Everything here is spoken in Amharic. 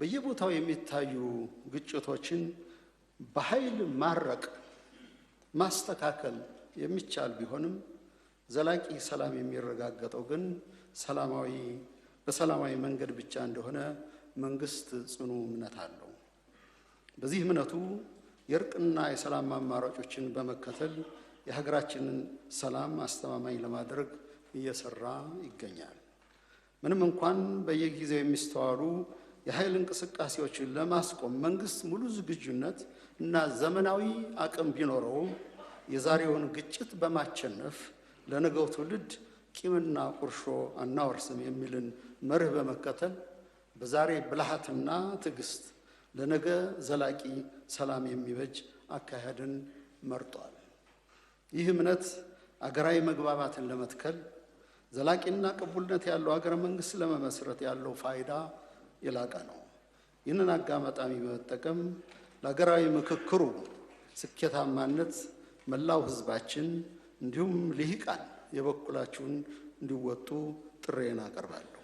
በየቦታው የሚታዩ ግጭቶችን በኃይል ማረቅ ማስተካከል የሚቻል ቢሆንም ዘላቂ ሰላም የሚረጋገጠው ግን ሰላማዊ በሰላማዊ መንገድ ብቻ እንደሆነ መንግስት ጽኑ እምነት አለው። በዚህ እምነቱ የእርቅና የሰላም አማራጮችን በመከተል የሀገራችንን ሰላም አስተማማኝ ለማድረግ እየሰራ ይገኛል። ምንም እንኳን በየጊዜው የሚስተዋሉ የኃይል እንቅስቃሴዎችን ለማስቆም መንግስት ሙሉ ዝግጁነት እና ዘመናዊ አቅም ቢኖረውም የዛሬውን ግጭት በማቸነፍ ለነገው ትውልድ ቂምና ቁርሾ አናወርስም የሚልን መርህ በመከተል በዛሬ ብልሃትና ትዕግስት ለነገ ዘላቂ ሰላም የሚበጅ አካሄድን መርጧል። ይህ እምነት አገራዊ መግባባትን ለመትከል ዘላቂና ቅቡልነት ያለው አገረ መንግስት ለመመስረት ያለው ፋይዳ የላቀ ነው። ይህንን አጋጣሚ በመጠቀም ለሀገራዊ ምክክሩ ስኬታማነት መላው ህዝባችን እንዲሁም ልሂቃን የበኩላችሁን እንዲወጡ ጥሬን አቀርባለሁ።